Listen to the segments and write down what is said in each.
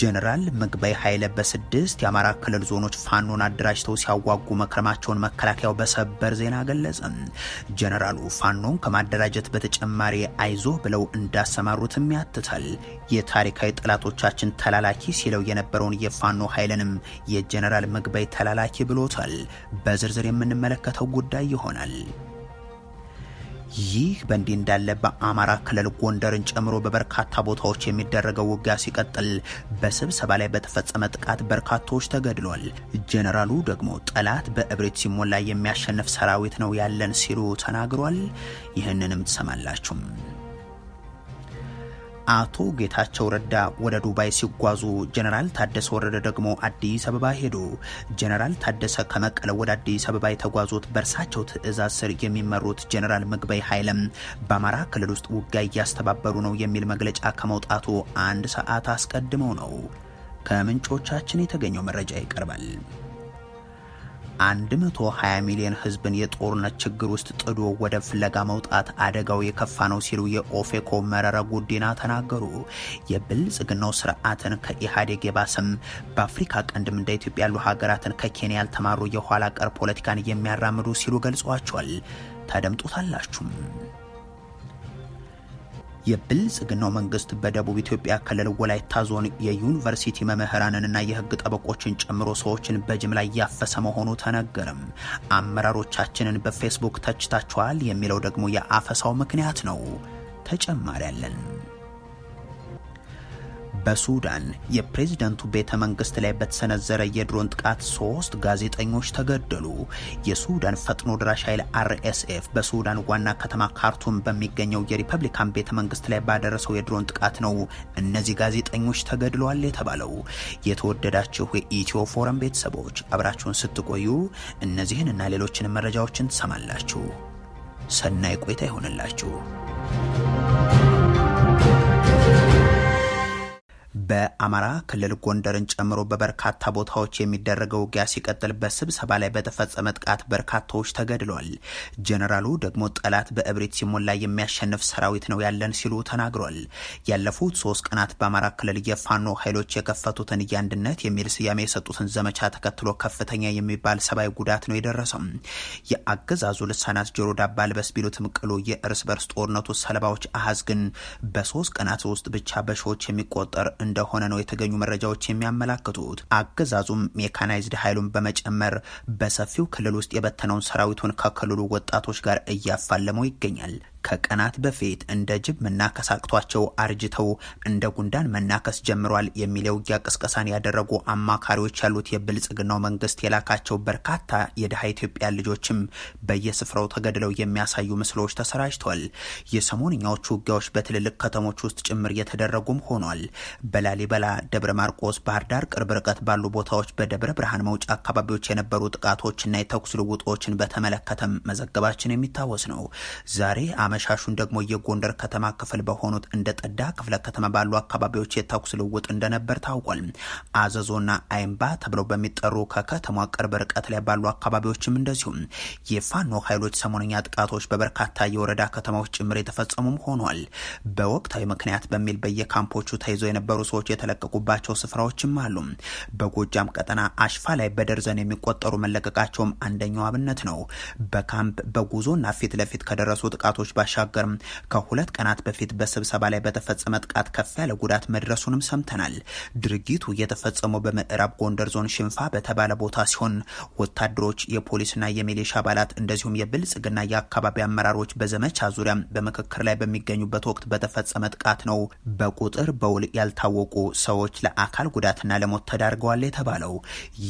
ጀነራል ምግበይ ኃይለ በስድስት የአማራ ክልል ዞኖች ፋኖን አደራጅተው ሲያዋጉ መክረማቸውን መከላከያው በሰበር ዜና ገለጸ። ጀነራሉ ፋኖን ከማደራጀት በተጨማሪ አይዞ ብለው እንዳሰማሩትም ያትታል። የታሪካዊ ጠላቶቻችን ተላላኪ ሲለው የነበረውን የፋኖ ኃይልንም የጀነራል ምግበይ ተላላኪ ብሎታል። በዝርዝር የምንመለከተው ጉዳይ ይሆናል። ይህ በእንዲህ እንዳለ በአማራ ክልል ጎንደርን ጨምሮ በበርካታ ቦታዎች የሚደረገው ውጊያ ሲቀጥል በስብሰባ ላይ በተፈጸመ ጥቃት በርካታዎች ተገድሏል። ጀነራሉ ደግሞ ጠላት በእብሪት ሲሞላ የሚያሸንፍ ሰራዊት ነው ያለን ሲሉ ተናግሯል። ይህንንም ትሰማላችሁም። አቶ ጌታቸው ረዳ ወደ ዱባይ ሲጓዙ ጀነራል ታደሰ ወረደ ደግሞ አዲስ አበባ ሄዱ። ጀነራል ታደሰ ከመቀለ ወደ አዲስ አበባ የተጓዙት በእርሳቸው ትዕዛዝ ስር የሚመሩት ጀነራል ምግበይ ኃይለም በአማራ ክልል ውስጥ ውጋ እያስተባበሩ ነው የሚል መግለጫ ከመውጣቱ አንድ ሰዓት አስቀድመው ነው። ከምንጮቻችን የተገኘው መረጃ ይቀርባል። 120 ሚሊዮን ህዝብን የጦርነት ችግር ውስጥ ጥዶ ወደ ፍለጋ መውጣት አደጋው የከፋ ነው ሲሉ የኦፌኮ መረራ ጉዲና ተናገሩ። የብልጽግናው ስርዓትን ከኢህአዴግ የባሰም በአፍሪካ ቀንድም እንደ ኢትዮጵያ ያሉ ሀገራትን ከኬንያ ያልተማሩ የኋላ ቀር ፖለቲካን የሚያራምዱ ሲሉ ገልጸዋቸዋል። ታደምጡታላችሁም። የብልጽግናው መንግስት በደቡብ ኢትዮጵያ ክልል ወላይታ ዞን የዩኒቨርሲቲ መምህራንንና የህግ ጠበቆችን ጨምሮ ሰዎችን በጅምላ እያፈሰ መሆኑ ተነገርም። አመራሮቻችንን በፌስቡክ ተችታችኋል የሚለው ደግሞ የአፈሳው ምክንያት ነው። ተጨማሪ አለን። በሱዳን የፕሬዝደንቱ ቤተ መንግስት ላይ በተሰነዘረ የድሮን ጥቃት ሶስት ጋዜጠኞች ተገደሉ። የሱዳን ፈጥኖ ድራሽ ኃይል አርኤስኤፍ በሱዳን ዋና ከተማ ካርቱም በሚገኘው የሪፐብሊካን ቤተ መንግስት ላይ ባደረሰው የድሮን ጥቃት ነው እነዚህ ጋዜጠኞች ተገድለዋል የተባለው። የተወደዳችሁ የኢትዮ ፎረም ቤተሰቦች አብራችሁን ስትቆዩ እነዚህን እና ሌሎችን መረጃዎችን ትሰማላችሁ። ሰናይ ቆይታ ይሆንላችሁ። በአማራ ክልል ጎንደርን ጨምሮ በበርካታ ቦታዎች የሚደረገው ውጊያ ሲቀጥል በስብሰባ ላይ በተፈጸመ ጥቃት በርካታዎች ተገድሏል። ጀነራሉ ደግሞ ጠላት በእብሪት ሲሞላ የሚያሸንፍ ሰራዊት ነው ያለን ሲሉ ተናግሯል። ያለፉት ሶስት ቀናት በአማራ ክልል የፋኖ ኃይሎች የከፈቱትን የአንድነት የሚል ስያሜ የሰጡትን ዘመቻ ተከትሎ ከፍተኛ የሚባል ሰብአዊ ጉዳት ነው የደረሰው። የአገዛዙ ልሳናት ጆሮ ዳባ ልበስ ቢሉትም ቅሉ የእርስ በርስ ጦርነቱ ሰለባዎች አሃዝ ግን በሶስት ቀናት ውስጥ ብቻ በሺዎች የሚቆጠር እንደሆነ ነው የተገኙ መረጃዎች የሚያመላክቱት። አገዛዙም ሜካናይዝድ ኃይሉን በመጨመር በሰፊው ክልል ውስጥ የበተነውን ሰራዊቱን ከክልሉ ወጣቶች ጋር እያፋለመው ይገኛል። ከቀናት በፊት እንደ ጅብ መናከሳቅቷቸው አርጅተው እንደ ጉንዳን መናከስ ጀምሯል የሚል የውጊያ ቅስቀሳን ያደረጉ አማካሪዎች ያሉት የብልጽግናው መንግስት የላካቸው በርካታ የድሃ ኢትዮጵያ ልጆችም በየስፍራው ተገድለው የሚያሳዩ ምስሎች ተሰራጅቷል። የሰሞንኛዎቹ ውጊያዎች በትልልቅ ከተሞች ውስጥ ጭምር እየተደረጉም ሆኗል። በላሊበላ፣ ደብረ ማርቆስ፣ ባህር ዳር ቅርብ ርቀት ባሉ ቦታዎች በደብረ ብርሃን መውጫ አካባቢዎች የነበሩ ጥቃቶችና የተኩስ ልውጦችን በተመለከተም መዘገባችን የሚታወስ ነው። ዛሬ አመ አመሻሹን ደግሞ የጎንደር ከተማ ክፍል በሆኑት እንደ ጠዳ ክፍለ ከተማ ባሉ አካባቢዎች የተኩስ ልውውጥ እንደነበር ታውቋል። አዘዞና አይምባ ተብለው በሚጠሩ ከከተማ ቅርብ ርቀት ላይ ባሉ አካባቢዎችም እንደዚሁም የፋኖ ኃይሎች ሰሞነኛ ጥቃቶች በበርካታ የወረዳ ከተማዎች ጭምር የተፈጸሙም ሆኗል። በወቅታዊ ምክንያት በሚል በየካምፖቹ ተይዘው የነበሩ ሰዎች የተለቀቁባቸው ስፍራዎችም አሉ። በጎጃም ቀጠና አሽፋ ላይ በደርዘን የሚቆጠሩ መለቀቃቸውም አንደኛው አብነት ነው። በካምፕ በጉዞና ፊት ለፊት ከደረሱ ጥቃቶች ባሻገር ከሁለት ቀናት በፊት በስብሰባ ላይ በተፈጸመ ጥቃት ከፍ ያለ ጉዳት መድረሱንም ሰምተናል። ድርጊቱ የተፈጸመው በምዕራብ ጎንደር ዞን ሽንፋ በተባለ ቦታ ሲሆን ወታደሮች፣ የፖሊስና የሚሊሻ አባላት እንደዚሁም የብልጽግና የአካባቢ አመራሮች በዘመቻ ዙሪያ በምክክር ላይ በሚገኙበት ወቅት በተፈጸመ ጥቃት ነው። በቁጥር በውል ያልታወቁ ሰዎች ለአካል ጉዳትና ለሞት ተዳርገዋል የተባለው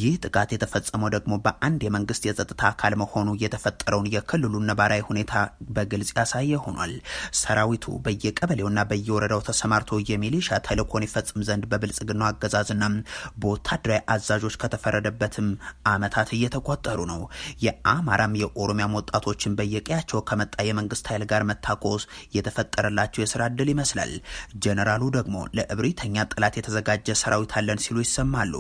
ይህ ጥቃት የተፈጸመው ደግሞ በአንድ የመንግስት የጸጥታ አካል መሆኑ የተፈጠረውን የክልሉን ነባራዊ ሁኔታ በግልጽ ያሳ ማሳያ ሆኗል። ሰራዊቱ በየቀበሌውና በየወረዳው ተሰማርቶ የሚሊሻ ተልእኮን ይፈጽም ዘንድ በብልጽግናው አገዛዝና በወታደራዊ አዛዦች ከተፈረደበትም አመታት እየተቆጠሩ ነው። የአማራም የኦሮሚያም ወጣቶችን በየቀያቸው ከመጣ የመንግስት ኃይል ጋር መታኮስ የተፈጠረላቸው የስራ እድል ይመስላል። ጀነራሉ ደግሞ ለእብሪተኛ ጠላት የተዘጋጀ ሰራዊት አለን ሲሉ ይሰማሉ።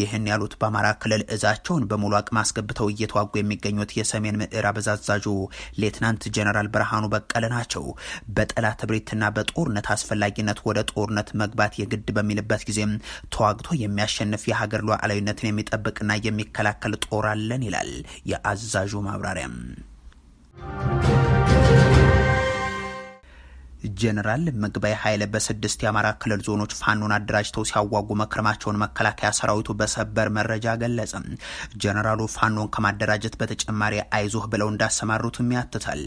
ይህን ያሉት በአማራ ክልል እዛቸውን በሙሉ አቅም አስገብተው እየተዋጉ የሚገኙት የሰሜን ምዕራብ እዝ አዛዡ ሌትናንት ጀነራል ብርሃኑ በቀለ ናቸው። በጠላት እብሪትና በጦርነት አስፈላጊነት ወደ ጦርነት መግባት የግድ በሚልበት ጊዜ ተዋግቶ የሚያሸንፍ የሀገር ሉዓላዊነትን የሚጠብቅና የሚከላከል ጦር አለን ይላል የአዛዡ ማብራሪያም። ጀነራል ምግባይ ኃይለ በስድስት የአማራ ክልል ዞኖች ፋኖን አደራጅተው ሲያዋጉ መክረማቸውን መከላከያ ሰራዊቱ በሰበር መረጃ ገለጸ። ጀነራሉ ፋኖን ከማደራጀት በተጨማሪ አይዞህ ብለው እንዳሰማሩትም ያትታል።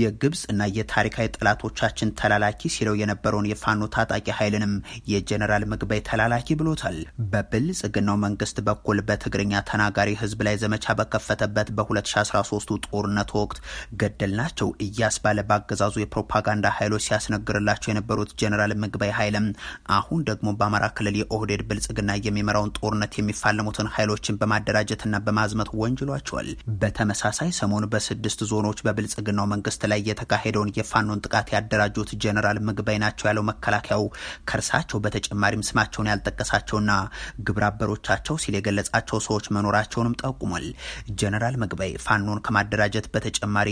የግብጽ እና የታሪካዊ ጠላቶቻችን ተላላኪ ሲለው የነበረውን የፋኖ ታጣቂ ኃይልንም የጀኔራል ምግበይ ተላላኪ ብሎታል። በብልጽግናው መንግስት በኩል በትግርኛ ተናጋሪ ህዝብ ላይ ዘመቻ በከፈተበት በ2013ቱ ጦርነት ወቅት ገደል ናቸው እያስባለ በአገዛዙ የፕሮፓጋንዳ ኃይሎች ሲያስነግርላቸው የነበሩት ጀኔራል ምግበይ ኃይልም አሁን ደግሞ በአማራ ክልል የኦህዴድ ብልጽግና የሚመራውን ጦርነት የሚፋለሙትን ኃይሎችን በማደራጀትና በማዝመት ወንጅሏቸዋል። በተመሳሳይ ሰሞኑ በስድስት ዞኖች በብልጽግናው መንግስት መንግስት ላይ የተካሄደውን የፋኖን ጥቃት ያደራጁት ጀነራል ምግባይ ናቸው ያለው መከላከያው ከእርሳቸው በተጨማሪም ስማቸውን ያልጠቀሳቸውና ግብረ አበሮቻቸው ሲል የገለጻቸው ሰዎች መኖራቸውንም ጠቁሟል። ጀነራል ምግባይ ፋኖን ከማደራጀት በተጨማሪ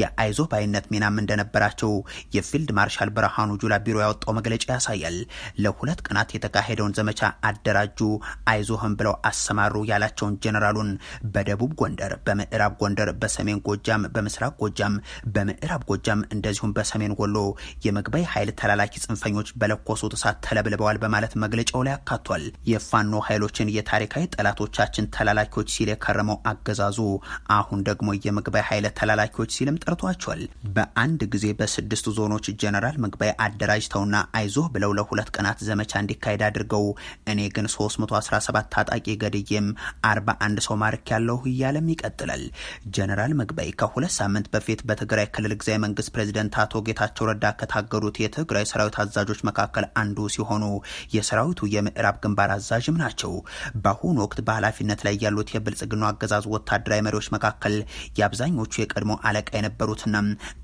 የአይዞ ባይነት ሚናም እንደነበራቸው የፊልድ ማርሻል ብርሃኑ ጁላ ቢሮ ያወጣው መግለጫ ያሳያል። ለሁለት ቀናት የተካሄደውን ዘመቻ አደራጁ፣ አይዞህም ብለው አሰማሩ ያላቸውን ጀነራሉን በደቡብ ጎንደር፣ በምዕራብ ጎንደር፣ በሰሜን ጎጃም፣ በምስራቅ ጎጃም፣ በምዕ በምዕራብ ጎጃም እንደዚሁም በሰሜን ወሎ የመግባይ ኃይል ተላላኪ ጽንፈኞች በለኮሱት እሳት ተለብልበዋል በማለት መግለጫው ላይ አካቷል። የፋኖ ኃይሎችን የታሪካዊ ጠላቶቻችን ተላላኪዎች ሲል የከረመው አገዛዙ አሁን ደግሞ የመግባይ ኃይል ተላላኪዎች ሲልም ጠርቷቸዋል። በአንድ ጊዜ በስድስቱ ዞኖች ጀነራል መግባይ አደራጅተውና አይዞህ ብለው ለሁለት ቀናት ዘመቻ እንዲካሄድ አድርገው እኔ ግን 317 ታጣቂ ገድዬም 41 ሰው ማርክ ያለሁ እያለም ይቀጥላል። ጀነራል መግባይ ከሁለት ሳምንት በፊት በትግራይ ክልል ክልል ጊዜያዊ መንግስት ፕሬዚደንት አቶ ጌታቸው ረዳ ከታገዱት የትግራይ ሰራዊት አዛዦች መካከል አንዱ ሲሆኑ የሰራዊቱ የምዕራብ ግንባር አዛዥም ናቸው። በአሁኑ ወቅት በኃላፊነት ላይ ያሉት የብልጽግናው አገዛዝ ወታደራዊ መሪዎች መካከል የአብዛኞቹ የቀድሞ አለቃ የነበሩትና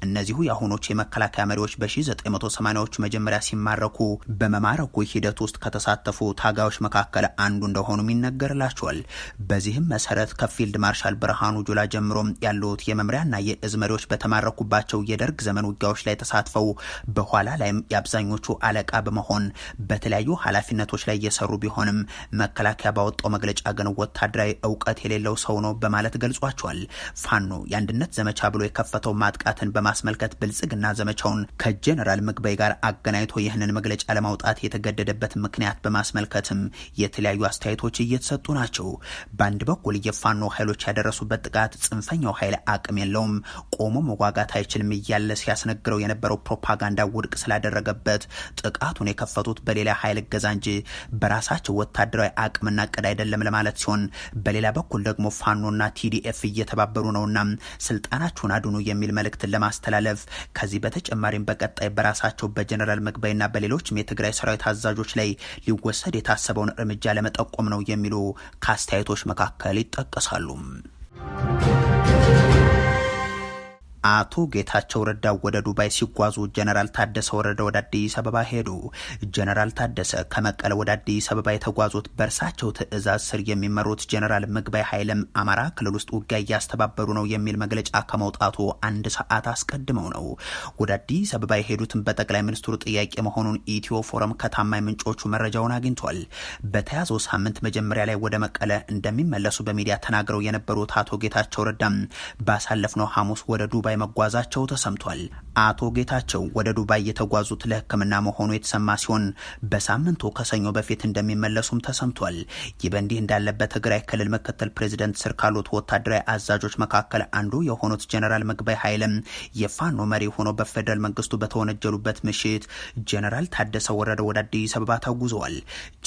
እነዚሁ የአሁኖቹ የመከላከያ መሪዎች በ1980ዎቹ መጀመሪያ ሲማረኩ በመማረኩ ሂደት ውስጥ ከተሳተፉ ታጋዮች መካከል አንዱ እንደሆኑም ይነገርላቸዋል። በዚህም መሰረት ከፊልድ ማርሻል ብርሃኑ ጁላ ጀምሮ ያሉት የመምሪያና የእዝ መሪዎች በተማረኩ በነበሩባቸው የደርግ ዘመን ውጊያዎች ላይ ተሳትፈው በኋላ ላይም የአብዛኞቹ አለቃ በመሆን በተለያዩ ኃላፊነቶች ላይ እየሰሩ ቢሆንም መከላከያ ባወጣው መግለጫ ግን ወታደራዊ እውቀት የሌለው ሰው ነው በማለት ገልጿቸዋል። ፋኖ የአንድነት ዘመቻ ብሎ የከፈተው ማጥቃትን በማስመልከት ብልጽግና ዘመቻውን ከጄኔራል ምግበይ ጋር አገናኝቶ ይህንን መግለጫ ለማውጣት የተገደደበት ምክንያት በማስመልከትም የተለያዩ አስተያየቶች እየተሰጡ ናቸው። በአንድ በኩል የፋኖ ኃይሎች ያደረሱበት ጥቃት ጽንፈኛው ኃይል አቅም የለውም፣ ቆሞ መዋጋት አይችልም እያለ ሲያስነግረው የነበረው ፕሮፓጋንዳ ውድቅ ስላደረገበት ጥቃቱን የከፈቱት በሌላ ኃይል እገዛ እንጂ በራሳቸው ወታደራዊ አቅምና እቅድ አይደለም ለማለት ሲሆን፣ በሌላ በኩል ደግሞ ፋኖና ቲዲኤፍ እየተባበሩ ነውና ስልጣናችሁን አድኑ የሚል መልእክትን ለማስተላለፍ ከዚህ በተጨማሪም በቀጣይ በራሳቸው በጀነራል ምግባይና በሌሎችም የትግራይ ሰራዊት አዛዦች ላይ ሊወሰድ የታሰበውን እርምጃ ለመጠቆም ነው የሚሉ ከአስተያየቶች መካከል ይጠቀሳሉ። አቶ ጌታቸው ረዳ ወደ ዱባይ ሲጓዙ ጀነራል ታደሰ ወረደ ወደ አዲስ አበባ ሄዱ። ጀነራል ታደሰ ከመቀለ ወደ አዲስ አበባ የተጓዙት በእርሳቸው ትዕዛዝ ስር የሚመሩት ጀነራል ምግባይ ኃይልም አማራ ክልል ውስጥ ውጊያ እያስተባበሩ ነው የሚል መግለጫ ከመውጣቱ አንድ ሰዓት አስቀድመው ነው። ወደ አዲስ አበባ የሄዱትም በጠቅላይ ሚኒስትሩ ጥያቄ መሆኑን ኢትዮ ፎረም ከታማኝ ምንጮቹ መረጃውን አግኝቷል። በተያዘው ሳምንት መጀመሪያ ላይ ወደ መቀለ እንደሚመለሱ በሚዲያ ተናግረው የነበሩት አቶ ጌታቸው ረዳም ባሳለፍነው ሐሙስ ወደ ዱባይ ዱባይ መጓዛቸው ተሰምቷል። አቶ ጌታቸው ወደ ዱባይ የተጓዙት ለሕክምና መሆኑ የተሰማ ሲሆን በሳምንቱ ከሰኞ በፊት እንደሚመለሱም ተሰምቷል። ይህ በእንዲህ እንዳለበት ትግራይ ክልል ምክትል ፕሬዚደንት ስር ካሉት ወታደራዊ አዛዦች መካከል አንዱ የሆኑት ጀነራል ምግበይ ኃይልም የፋኖ መሪ ሆኖ በፌደራል መንግስቱ በተወነጀሉበት ምሽት ጀነራል ታደሰ ወረደ ወደ አዲስ አበባ ተጉዘዋል።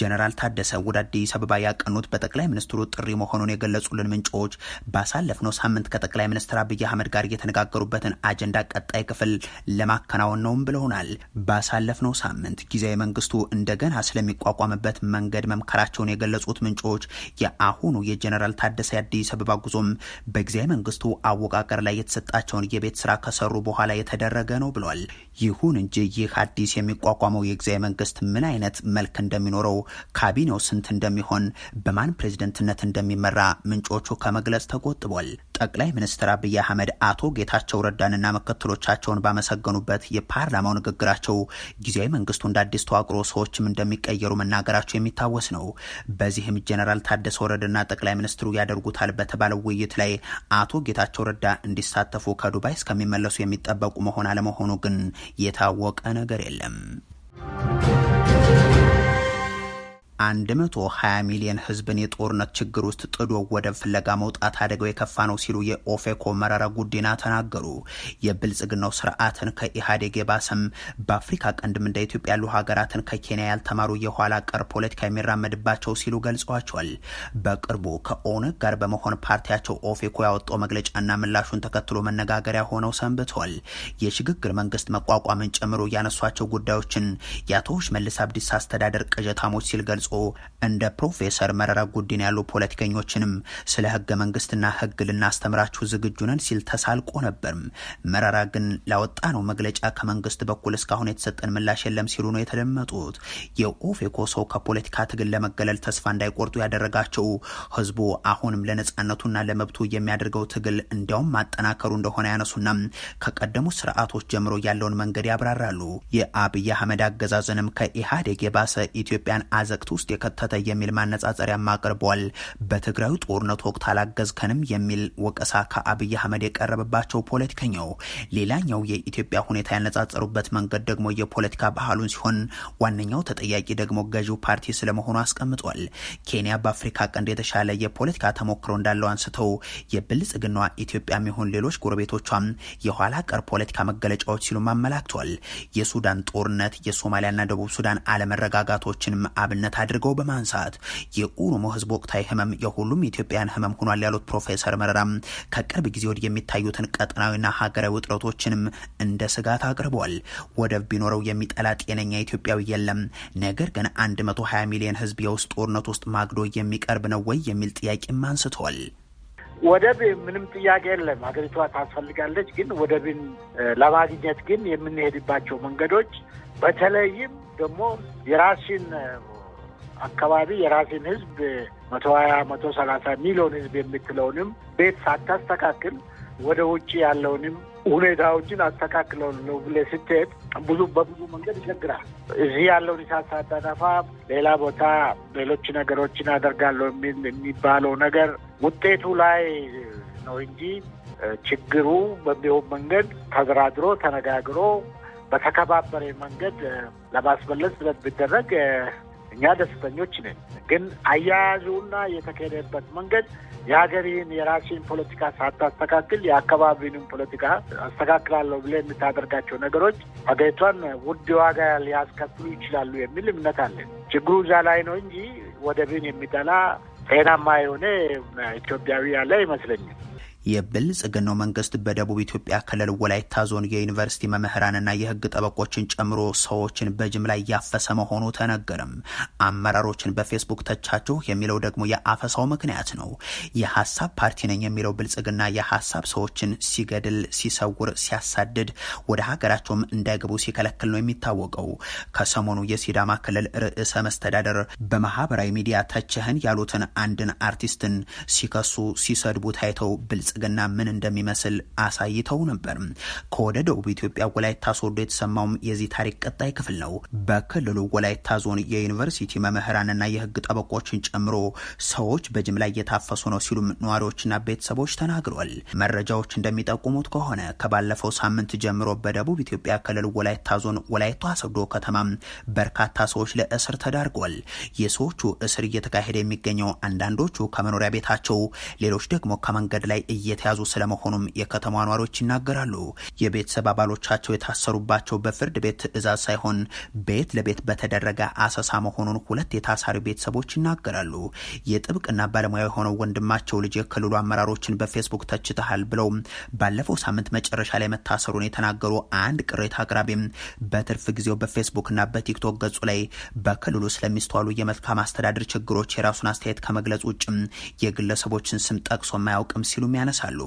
ጀነራል ታደሰ ወደ አዲስ አበባ ያቀኑት በጠቅላይ ሚኒስትሩ ጥሪ መሆኑን የገለጹልን ምንጮች ባሳለፍነው ሳምንት ከጠቅላይ ሚኒስትር አብይ አህመድ ጋር እየተነጋገ የተናገሩበትን አጀንዳ ቀጣይ ክፍል ለማከናወን ነውም ብለውናል። ባሳለፍነው ሳምንት ጊዜያዊ መንግስቱ እንደገና ስለሚቋቋምበት መንገድ መምከራቸውን የገለጹት ምንጮች የአሁኑ የጀኔራል ታደሰ የአዲስ አበባ ጉዞም በጊዜያዊ መንግስቱ አወቃቀር ላይ የተሰጣቸውን የቤት ስራ ከሰሩ በኋላ የተደረገ ነው ብሏል። ይሁን እንጂ ይህ አዲስ የሚቋቋመው የጊዜያዊ መንግስት ምን አይነት መልክ እንደሚኖረው፣ ካቢኔው ስንት እንደሚሆን፣ በማን ፕሬዝደንትነት እንደሚመራ ምንጮቹ ከመግለጽ ተቆጥቧል። ጠቅላይ ሚኒስትር አብይ አህመድ አቶ ጌታ ጌታቸው ረዳንና መከተሎቻቸውን ባመሰገኑበት የፓርላማው ንግግራቸው ጊዜያዊ መንግስቱ እንደ አዲስ ተዋቅሮ ሰዎችም እንደሚቀየሩ መናገራቸው የሚታወስ ነው። በዚህም ጀኔራል ታደሰ ወረደና ጠቅላይ ሚኒስትሩ ያደርጉታል በተባለው ውይይት ላይ አቶ ጌታቸው ረዳ እንዲሳተፉ ከዱባይ እስከሚመለሱ የሚጠበቁ መሆን አለመሆኑ ግን የታወቀ ነገር የለም። 120 ሚሊዮን ህዝብን የጦርነት ችግር ውስጥ ጥዶ ወደብ ፍለጋ መውጣት አደገው የከፋ ነው ሲሉ የኦፌኮ መረራ ጉዲና ተናገሩ። የብልጽግናው ስርዓትን ከኢህአዴግ የባሰም በአፍሪካ ቀንድም እንደ ኢትዮጵያ ያሉ ሀገራትን ከኬንያ ያልተማሩ የኋላ ቀር ፖለቲካ የሚራመድባቸው ሲሉ ገልጸዋቸዋል። በቅርቡ ከኦነግ ጋር በመሆን ፓርቲያቸው ኦፌኮ ያወጣው መግለጫና ምላሹን ተከትሎ መነጋገሪያ ሆነው ሰንብተዋል። የሽግግር መንግስት መቋቋምን ጨምሮ ያነሷቸው ጉዳዮችን የአቶ ሽመልስ አብዲስ አስተዳደር ቅዠታሞች ሲል ገልጾ እንደ ፕሮፌሰር መረራ ጉዲና ያሉ ፖለቲከኞችንም ስለ ህገ መንግስትና ህግ ልናስተምራችሁ ዝግጁነን ሲል ተሳልቆ ነበር። መረራ ግን ነው መግለጫ ከመንግስት በኩል እስካሁን የተሰጠን ምላሽ የለም ሲሉ ነው የተደመጡት። የኦፌኮ ሰው ከፖለቲካ ትግል ለመገለል ተስፋ እንዳይቆርጡ ያደረጋቸው ህዝቡ አሁንም ለነጻነቱና ለመብቱ የሚያደርገው ትግል እንዲያውም ማጠናከሩ እንደሆነ ያነሱና ከቀደሙት ስርዓቶች ጀምሮ ያለውን መንገድ ያብራራሉ። የአብይ አህመድ አገዛዝንም ከኢህአዴግ የባሰ ኢትዮጵያን አዘቅት ውስጥ የከተተ የሚል ማነጻጸሪያም አቅርቧል። በትግራዩ ጦርነት ወቅት አላገዝከንም የሚል ወቀሳ ከአብይ አህመድ የቀረበባቸው ፖለቲከኛው ሌላኛው የኢትዮጵያ ሁኔታ ያነጻጸሩበት መንገድ ደግሞ የፖለቲካ ባህሉን ሲሆን ዋነኛው ተጠያቂ ደግሞ ገዢው ፓርቲ ስለመሆኑ አስቀምጧል። ኬንያ በአፍሪካ ቀንድ የተሻለ የፖለቲካ ተሞክሮ እንዳለው አንስተው የብልጽግና ኢትዮጵያም ይሁን ሌሎች ጎረቤቶቿም የኋላ ቀር ፖለቲካ መገለጫዎች ሲሉም አመላክቷል። የሱዳን ጦርነት፣ የሶማሊያና ደቡብ ሱዳን አለመረጋጋቶችንም አብነት አድርገው በማንሳት የኦሮሞ ህዝብ ወቅታዊ ህመም የሁሉም ኢትዮጵያን ህመም ሆኗል ያሉት ፕሮፌሰር መረራም ከቅርብ ጊዜ ወዲህ የሚታዩትን ቀጠናዊና ሀገራዊ ውጥረቶችንም እንደ ስጋት አቅርበዋል። ወደብ ቢኖረው የሚጠላ ጤነኛ ኢትዮጵያዊ የለም። ነገር ግን 120 ሚሊዮን ህዝብ የውስጥ ጦርነት ውስጥ ማግዶ የሚቀርብ ነው ወይ የሚል ጥያቄም አንስተዋል። ወደብ ምንም ጥያቄ የለም፣ ሀገሪቷ ታስፈልጋለች። ግን ወደብን ለማግኘት ግን የምንሄድባቸው መንገዶች በተለይም ደግሞ የራሲን አካባቢ የራሴን ህዝብ መቶ ሀያ መቶ ሰላሳ ሚሊዮን ህዝብ የምትለውንም ቤት ሳታስተካክል ወደ ውጭ ያለውንም ሁኔታዎችን አስተካክለው ነው ብለህ ስትሄድ ብዙ በብዙ መንገድ ይቸግራል። እዚህ ያለውን እሳት ሳታጠፋ ሌላ ቦታ ሌሎች ነገሮችን አደርጋለሁ የሚባለው ነገር ውጤቱ ላይ ነው እንጂ ችግሩ በሚሆን መንገድ ተደራድሮ ተነጋግሮ በተከባበረ መንገድ ለማስመለስ ስለሚደረግ እኛ ደስተኞች ነን። ግን አያያዙና የተካሄደበት መንገድ የሀገሬን የራሴን ፖለቲካ ሳታስተካክል የአካባቢንም ፖለቲካ አስተካክላለሁ ብለ የምታደርጋቸው ነገሮች ሀገሪቷን ውድ ዋጋ ሊያስከፍሉ ይችላሉ የሚል እምነት አለን። ችግሩ እዛ ላይ ነው እንጂ ወደብን የሚጠላ ጤናማ የሆነ ኢትዮጵያዊ ያለ አይመስለኝም። የብልጽግናው መንግስት በደቡብ ኢትዮጵያ ክልል ወላይታ ዞን የዩኒቨርሲቲ መምህራንና የህግ ጠበቆችን ጨምሮ ሰዎችን በጅምላ እያፈሰ መሆኑ ተነገርም። አመራሮችን በፌስቡክ ተቻችሁ የሚለው ደግሞ የአፈሳው ምክንያት ነው። የሀሳብ ፓርቲ ነኝ የሚለው ብልጽግና የሀሳብ ሰዎችን ሲገድል፣ ሲሰውር፣ ሲያሳድድ ወደ ሀገራቸውም እንዳይገቡ ሲከለክል ነው የሚታወቀው። ከሰሞኑ የሲዳማ ክልል ርዕሰ መስተዳደር በማህበራዊ ሚዲያ ተችህን ያሉትን አንድን አርቲስትን ሲከሱ ሲሰድቡ ታይተው ብልጽ ብልጽግና ምን እንደሚመስል አሳይተው ነበር። ከወደ ደቡብ ኢትዮጵያ ወላይታ ሶዶ የተሰማውም የዚህ ታሪክ ቀጣይ ክፍል ነው። በክልሉ ወላይታ ዞን የዩኒቨርሲቲ መምህራንና የህግ ጠበቆችን ጨምሮ ሰዎች በጅምላ እየታፈሱ ነው ሲሉም ነዋሪዎችና ቤተሰቦች ተናግረዋል። መረጃዎች እንደሚጠቁሙት ከሆነ ከባለፈው ሳምንት ጀምሮ በደቡብ ኢትዮጵያ ክልል ወላይታ ዞን ወላይታ ሶዶ ከተማም በርካታ ሰዎች ለእስር ተዳርገዋል። የሰዎቹ እስር እየተካሄደ የሚገኘው አንዳንዶቹ ከመኖሪያ ቤታቸው፣ ሌሎች ደግሞ ከመንገድ ላይ እየተያዙ ስለመሆኑም የከተማ ኗሪዎች ይናገራሉ። የቤተሰብ አባሎቻቸው የታሰሩባቸው በፍርድ ቤት ትዕዛዝ ሳይሆን ቤት ለቤት በተደረገ አሰሳ መሆኑን ሁለት የታሳሪ ቤተሰቦች ይናገራሉ። የጥብቅና ባለሙያ የሆነው ወንድማቸው ልጅ የክልሉ አመራሮችን በፌስቡክ ተችተሃል ብለው ባለፈው ሳምንት መጨረሻ ላይ መታሰሩን የተናገሩ አንድ ቅሬታ አቅራቢም በትርፍ ጊዜው በፌስቡክና በቲክቶክ ገጹ ላይ በክልሉ ስለሚስተዋሉ የመልካም አስተዳደር ችግሮች የራሱን አስተያየት ከመግለጽ ውጭም የግለሰቦችን ስም ጠቅሶ ማያውቅም ሲሉም ያነ ያነሳሉ።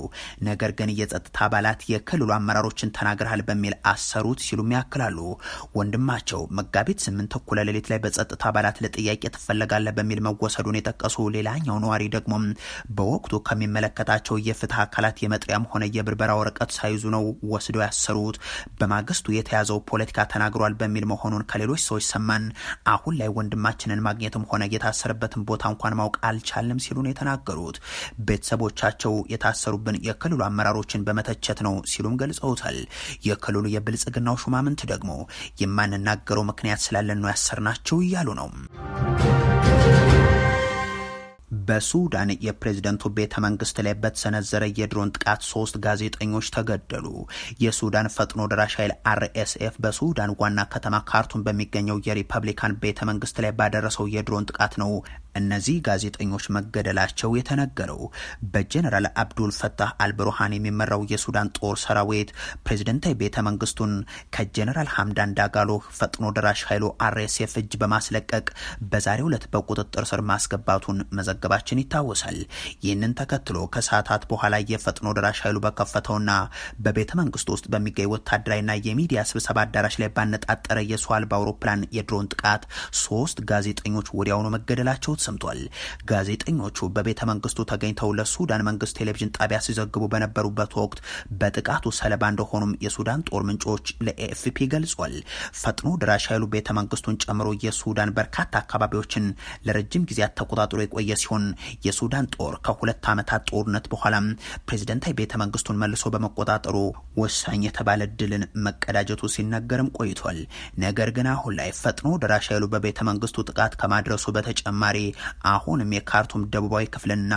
ነገር ግን የጸጥታ አባላት የክልሉ አመራሮችን ተናግረሃል በሚል አሰሩት ሲሉም ያክላሉ። ወንድማቸው መጋቢት ስምንት ተኩለ ሌሊት ላይ በጸጥታ አባላት ለጥያቄ ትፈለጋለ በሚል መወሰዱን የጠቀሱ ሌላኛው ነዋሪ ደግሞ በወቅቱ ከሚመለከታቸው የፍትህ አካላት የመጥሪያም ሆነ የብርበራ ወረቀት ሳይዙ ነው ወስደው ያሰሩት። በማግስቱ የተያዘው ፖለቲካ ተናግሯል በሚል መሆኑን ከሌሎች ሰዎች ሰማን። አሁን ላይ ወንድማችንን ማግኘትም ሆነ የታሰረበትን ቦታ እንኳን ማወቅ አልቻለም ሲሉ ነው የተናገሩት። ቤተሰቦቻቸው የታ የታሰሩብን የክልሉ አመራሮችን በመተቸት ነው ሲሉም ገልጸውታል። የክልሉ የብልጽግናው ሹማምንት ደግሞ የማንናገረው ምክንያት ስላለን ነው ያሰርናቸው እያሉ ነው። በሱዳን የፕሬዝደንቱ ቤተ መንግስት ላይ በተሰነዘረ የድሮን ጥቃት ሶስት ጋዜጠኞች ተገደሉ። የሱዳን ፈጥኖ ደራሽ ኃይል አርኤስኤፍ በሱዳን ዋና ከተማ ካርቱም በሚገኘው የሪፐብሊካን ቤተ መንግስት ላይ ባደረሰው የድሮን ጥቃት ነው እነዚህ ጋዜጠኞች መገደላቸው የተነገረው በጀነራል አብዱል ፈታህ አልብሩሃን የሚመራው የሱዳን ጦር ሰራዊት ፕሬዝደንታዊ ቤተ መንግስቱን ከጀነራል ሀምዳን ዳጋሎ ፈጥኖ ደራሽ ኃይሉ አርኤስኤፍ እጅ በማስለቀቅ በዛሬው ዕለት በቁጥጥር ስር ማስገባቱን መዘገባችን ይታወሳል። ይህንን ተከትሎ ከሰዓታት በኋላ የፈጥኖ ደራሽ ኃይሉ በከፈተውና በቤተ መንግስቱ ውስጥ በሚገኝ ወታደራዊና የሚዲያ ስብሰባ አዳራሽ ላይ ባነጣጠረ የሰው አልባ አውሮፕላን የድሮን ጥቃት ሶስት ጋዜጠኞች ወዲያውኑ መገደላቸው ተሰምቷል። ጋዜጠኞቹ በቤተ መንግስቱ ተገኝተው ለሱዳን መንግስት ቴሌቪዥን ጣቢያ ሲዘግቡ በነበሩበት ወቅት በጥቃቱ ሰለባ እንደሆኑም የሱዳን ጦር ምንጮች ለኤኤፍፒ ገልጿል። ፈጥኖ ድራሽ ኃይሉ ቤተ መንግስቱን ጨምሮ የሱዳን በርካታ አካባቢዎችን ለረጅም ጊዜያት ተቆጣጥሮ የቆየ ሲሆን የሱዳን ጦር ከሁለት ዓመታት ጦርነት በኋላም ፕሬዚደንታዊ ቤተ መንግስቱን መልሶ በመቆጣጠሩ ወሳኝ የተባለ ድልን መቀዳጀቱ ሲነገርም ቆይቷል። ነገር ግን አሁን ላይ ፈጥኖ ድራሽ ኃይሉ በቤተ መንግስቱ ጥቃት ከማድረሱ በተጨማሪ አሁንም የካርቱም ደቡባዊ ክፍልና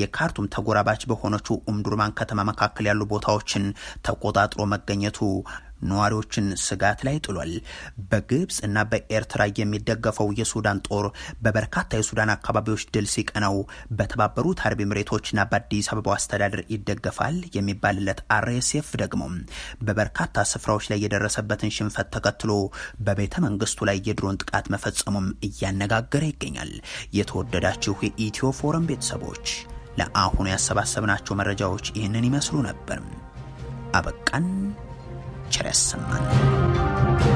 የካርቱም ተጎራባች በሆነችው ኡምዱርማን ከተማ መካከል ያሉ ቦታዎችን ተቆጣጥሮ መገኘቱ ነዋሪዎችን ስጋት ላይ ጥሏል። በግብፅ እና በኤርትራ የሚደገፈው የሱዳን ጦር በበርካታ የሱዳን አካባቢዎች ድል ሲቀነው በተባበሩት አረብ ኤምሬቶችና በአዲስ አበባው አስተዳደር ይደገፋል የሚባልለት አርኤስኤፍ ደግሞ በበርካታ ስፍራዎች ላይ የደረሰበትን ሽንፈት ተከትሎ በቤተ መንግስቱ ላይ የድሮን ጥቃት መፈጸሙም እያነጋገረ ይገኛል። የተወደዳችሁ የኢትዮ ፎረም ቤተሰቦች ለአሁኑ ያሰባሰብናቸው መረጃዎች ይህንን ይመስሉ ነበር። አበቃን። ቸር ያሰማን።